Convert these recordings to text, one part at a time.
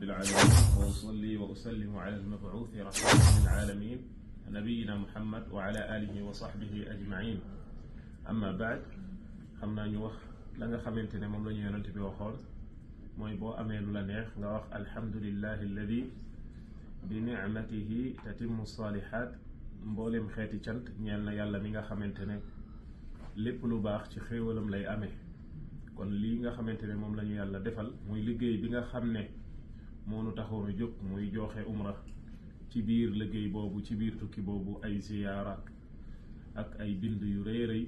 رب العالمين وأصلي وأسلم على المبعوث رحمة للعالمين نبينا محمد وعلى آله وصحبه أجمعين أما بعد خمنا نوخ لنغا خمنتنا مملون يونت بوخور مويبو أمين لنيخ نوخ الحمد لله الذي بنعمته تتم الصالحات مبولم خيتي چنت نيالنا يالا ميغا خمنتنا لب لباخ تخيولم لي أمي كون ليغا خمنتنا مملون يالا دفل مويلقي بيغا خمنتنا moonu taxoon a jóg muy jooxe umra ci biir liggéey boobu ci biir tukki boobu ay ziyaara ak ay bind yu rëy rëy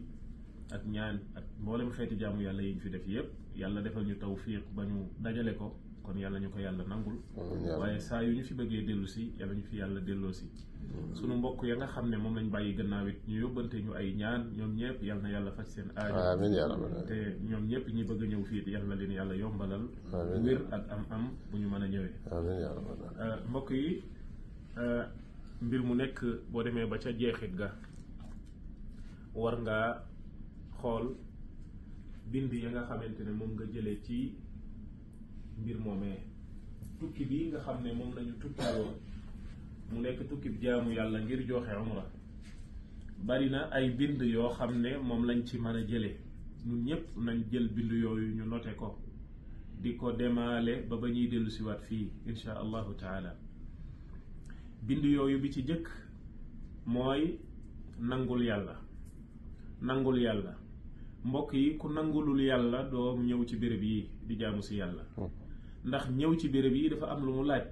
ak ñaan ak mboole mu xeeti jaamu yàlla yi ñu fi def yépp yàlla defal ñu tawfiq ba ñu dajale ko kon yalla ñu ko yàlla nangul waye sa yu ñu fi bëggé déllu ci yalla ñu fi yalla déllo ci mm. suñu mbokk ya nga xamné mom lañ bayyi gannaaw it ñu yobante ñu ay ñaan ñom ñepp yalla na yalla fa seen alamin te ñom ñepp ñi bëgg ñew fi yalla na leen yalla yombalal wir ak am am bu ñu ya rabbal alamin ya ya euh, mbokk yi euh, mbir mu nekk bo démé ba ca jéxit ga war nga xol bindi ya nga xamantene mom nga jëlé ci mbir moomee tukki bii nga xam ne moom lañu tukkiwoon mu nekk tukki jaamu yàlla ngir joxe umra bari na ay bind yoo xam ne moom lañ ci mën a jële ñun ñëpp nañ jël bind yooyu ñu note ko di ko demaale ba ba ñuy dellu waat fii insha allahu taala bind yooyu bi ci jëkk mooy nangul yàlla nangul yàlla mbokk yi ku nangulul yàlla doo ñëw ci béréb yi di jaamu si yàlla ndax ñew ci béréb yi dafa am lu mu laaj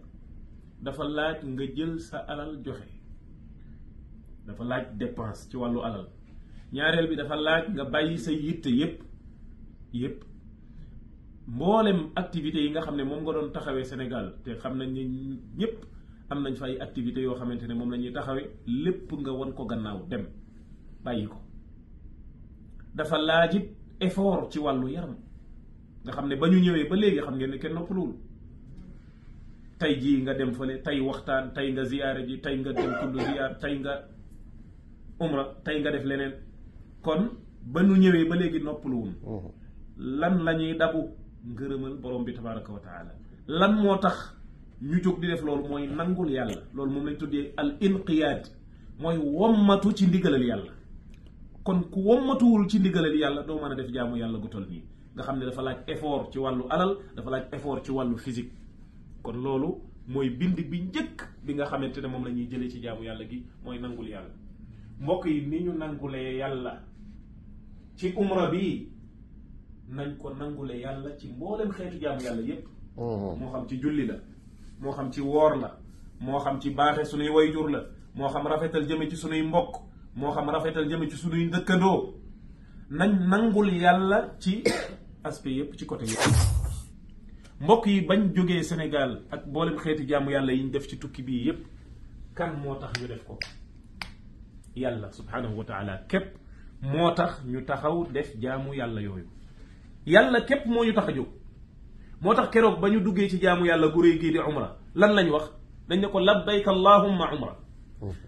dafa laaj nga jël sa alal joxe dafa laaj dépense ci walu alal ñaarel bi dafa laaj nga bayyi sa yitte yépp yépp mbolem activité yi nga xam ne nga doon taxawé Sénégal te xam nañ ni ñëpp am nañ fa ay activité yo xamante ne moom la ñuy lépp nga won ko gannaaw dem bayiko dafa laaj effort ci walu yaram nga xam ne ba ñu ñëwee ba léegi xam ngeen ne kenn noppaluwul tey jii nga dem fële tey waxtaan tey nga ziyaare ji tey nga dem tund ziyaar tey nga umra tey nga def leneen kon ba ñu ñëwee ba léegi noppaluwul mm-hmm. lan la ñuy dabu ngërëmal borom bi tabaraka wa lan moo tax ñu jóg di def loolu mooy nangul yàlla loolu moom lañ tuddee al inqiyaad mooy wommatu ci ndigalal yàlla kon ku wommatuwul ci ndigalal yàlla doo mën a def jaamu yàlla gu toll nga xamne dafa laaj effort ci walu alal dafa laaj effort ci walu physique kon lolu moy bind bi njëkk bi nga xamante ne moom la ñuy ci jaamu yalla gi moy nangul yalla mbokk yi ni ñu nangulé yalla ci umra bi nañ ko nangulé yalla ci mboolem xéetu jaamu yalla yépp mm-hmm. mo xam ci julli la mo xam ci wor la mo xam ci baaxé sunuy wayjur la mo xam rafetal jëme ci sunuy mbokk mo xam rafetal jëme ci sunuy dëkkandoo nañ nangul yalla ci aspect yëpp ci côté yëpp mbokk yi bañ jógee Sénégal ak mboolem xeeti jaamu yàlla yi ñu def ci tukki bi yëpp kan moo tax ñu def ko yàlla subhanahu wa taala képp moo tax ñu taxaw def jaamu yàlla yooyu yàlla képp moo ñu tax a jóg moo tax keroog ba ñu duggee ci jaamu yàlla gu rëy gii di umra lan lañ wax dañ ne ko labbayk allahumma umra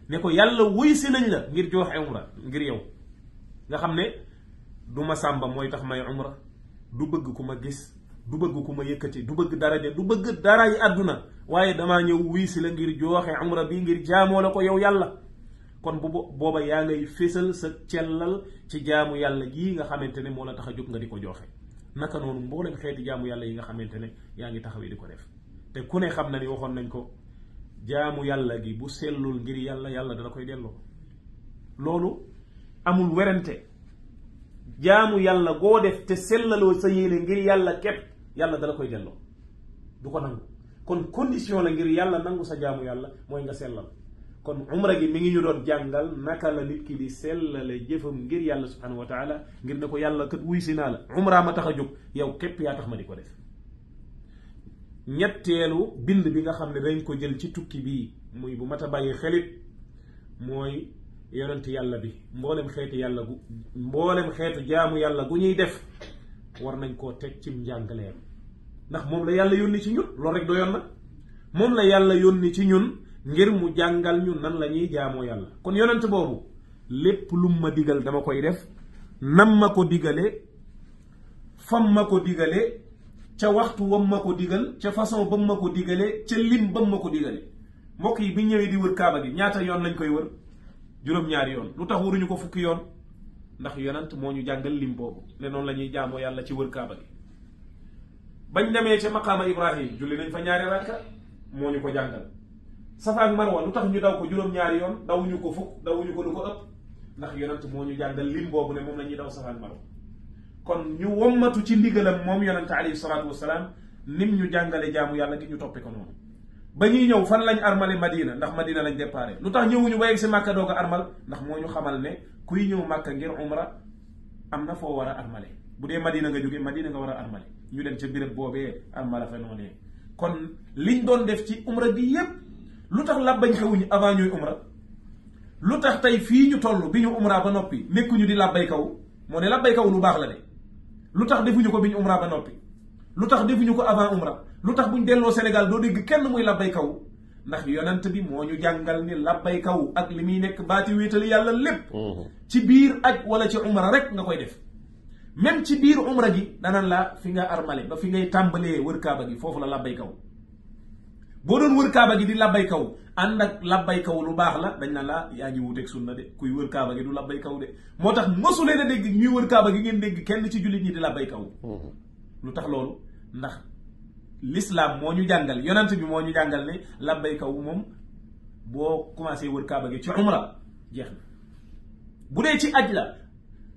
ne ko yàlla wuy si nañ la ngir joxe umra ngir yow nga xam ne du ma sàmba mooy tax may umra du bëgg ku ma gis du bëgg ku ma yëkkati du bëgg dara daraja du bëgg dara yi àdduna waaye damaa ñëw wii si la ngir jooxe umra bi ngir jaamoo la ko yow yàlla kon bu booba yaa ngay fésal sa cellal ci jaamu yàlla yii nga xamante ne moo la tax a jóg nga di ko jooxe naka noonu mboolem xeeti jaamu yàlla yi nga xamante ne yaa ngi taxawee di ko def te ku ne xam na ni waxoon nañ ko jaamu yàlla gi bu sellul ngir yàlla yàlla dala koy delloo loolu amul werante jaamu yàlla goo def te sellaloo sa yéene ngir yàlla képp yàlla dala koy delloo du ko nangu kon condition la ngir yàlla nangu sa jaamu yàlla mooy nga sellal kon umra gi mi ngi ñu doon jàngal naka la nit ki di sellale jëfam ngir yàlla subhanahu wa ngir ne ko yàlla kat wuy si naa la umra ma tax a jóg yow képp yaa tax ma di ko def ñetteelu bind bi nga xam ne dañ ko jël ci tukki bii muy bu mat a bàyyi xelit mooy yonent yàlla bi mboolem xeetu yàlla gu mboolem xeetu jaamu yàlla gu ñuy def war nañ koo teg cim njàngaleem ndax moom la yàlla yónni ci ñun loolu rek doyoon na moom la yàlla yónni ci ñun ngir mu jàngal ñu nan la ñuy jaamoo yàlla kon yonent boobu lépp lum ma digal dama koy def nam ma ko digale fam ma ko digale ca waxtu wam ma ko digal ca façon bam ma ko digale ca lim bam ma ko digale mbokk yi bi ñëwee di wër kaaba gi ñaata yoon lañ koy wër juróom-ñaari yoon lu tax waruñu ko fukki yoon ndax yonant moo ñu jàngal lim boobu ne noonu la ñuy jaamoo yàlla ci wër kaaba gi bañ demee ca maqaama ibrahim julli nañ fa ñaari rakka moo ñu ko jàngal safa ak marwa lu tax ñu daw ko juróom-ñaari yoon dawuñu ko fukk dawuñu ko lu ko ëpp ndax yonant moo ñu jàngal lim boobu ne moom la ñuy daw safa ak kon ñu wommatu ci ndigalam moom yonant alayhi salaatu wasalaam nim ñu jàngale jaamu yàlla gi ñu toppe ko ba ñuy ñëw fan lañ armale Madina ndax Madina lañ déparé lu tax ñëwuñu ba yegg Màkka doog armal ndax moo ñu xamal ne kuy ñëw Màkka ngir umra am na foo armale bu dee Madina nga jógee Madina nga war a armale ñu dem ca béréb boobee armala fa noonee kon liñ doon def ci umra bi yépp lu tax labbañ xewuñu avant ñuy umra lu tax tey ñu toll bi umra ba noppi nekkuñu di labbay kaw moo ne labbay kaw lu baax la de lu tax defuñu ko bi umra ba noppi lutax defuñu ko avant umrah, lutax buñ delo senegal do deg kenn muy labbay kaw ndax yonent bi moñu jangal ni labbay kaw ak limi nek bati wetal yalla lepp mhm. ci bir ak wala ci umra rek nga koy def même ci bir umrah gi danan la fi nga armalé ba fi ngay tambalé wër kaaba gi fofu la labbay kaw bo doon wër kaaba gi di labbay kaw and ak labbay kaw lu bax la dañ na la wutek sunna de kuy wër kaaba gi du labbay kaw de motax mosulé na deg ñuy wër kaaba gi ngeen deg kenn ci julit ñi di labbay kaw mhm. lu tax loolu ndax lislaam moo ñu jàngal yonent bi moo ñu jàngal ne labbayka moom boo commencé wër kaaba gi ci umra jeex na bu dee ci aj la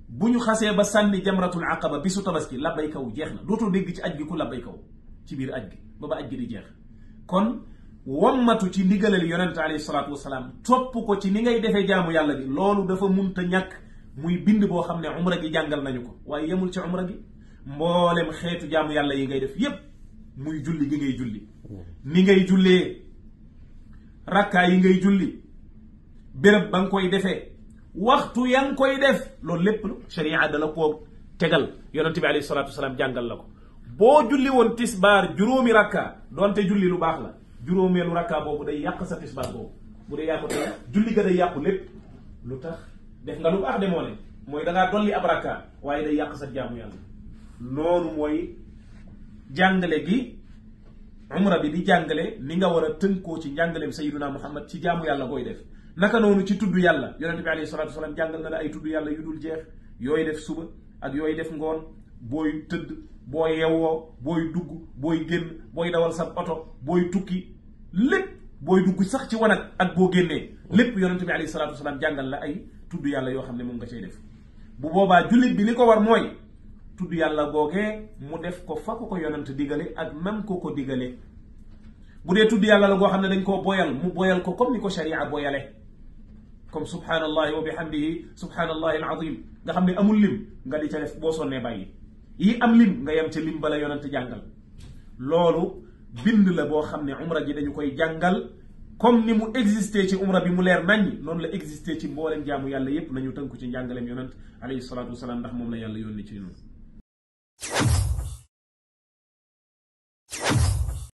bu ñu xasee ba sànni jamratul aqaba bi su tabaski labbayka wu jeex na dootoo dégg ci aj gi ku labbayka wu ci biir aj gi ba ba aj gi di jeex kon wommatu ci ndigalal yonent alayhi salaatu wasalaam topp ko ci ni ngay defee jaamu yàlla bi loolu dafa munta ñàkk muy bind boo xam ne umra gi jàngal nañu ko waaye yemul ci mboolem xeetu jaamu yàlla yi ngay def yépp muy julli gi ngay julli ni ngay jullee rakkaa yi ngay julli béréb ba nga koy defee waxtu ya nga koy def loolu lépp sharia dala ko tegal yonente bi alayhi salaatu wasalaam jàngal la ko boo julli woon tisbaar juróomi rakka doonte julli lu baax la juróomeelu rakka boobu day yàq sa tisbaar boobu bu dee yàqu te julli ga day yàqu lépp lu tax def nga lu baax demoo ne mooy da ngaa dolli ab rakka waaye day yàq sa jaamu yàlla loolu mooy jàngale gi umra bi di jàngale ni nga war a tënkoo ci njàngaleem sayyiduna muhammad ci jàmm yàlla koy def naka noonu ci tudd yàlla yonente bi alayhi salatu wasalaam ay tudd dul jeex yooyu def suba ak yooyu def ngoon booy tëdd boo yewwoo booy dugg booy génn booy dawal sa oto booy tukki lépp booy dugg sax ci wanag ak boo génnee lépp yonente bi alayhi salatu jàngal la ay tudd yàlla yoo xam ne moom nga cay def bu boobaa jullit bi li ko war mooy tudd yàlla googee mu def ko fa ko ko yonent digale ak même ko ko digale bu dee tudd yàlla la goo xam ne dañ koo boyal mu boyal ko comme ni ko sharia boyale comme subhanallahi wa bihamdihi subhanallahi alazim nga xam ne amul lim nga di ca def boo sonnee bàyyi yi am lim nga yem ca lim bala yonent jàngal loolu bind la boo xam ne umra ji dañu koy jàngal comme ni mu existé ci umra bi mu leer naññ noonu la existé ci mboolem jaamu yàlla yépp nañu tënku ci njàngaleem yonent alayhi salaatu wasalaam ndax moom la yàlla yónni ci noonu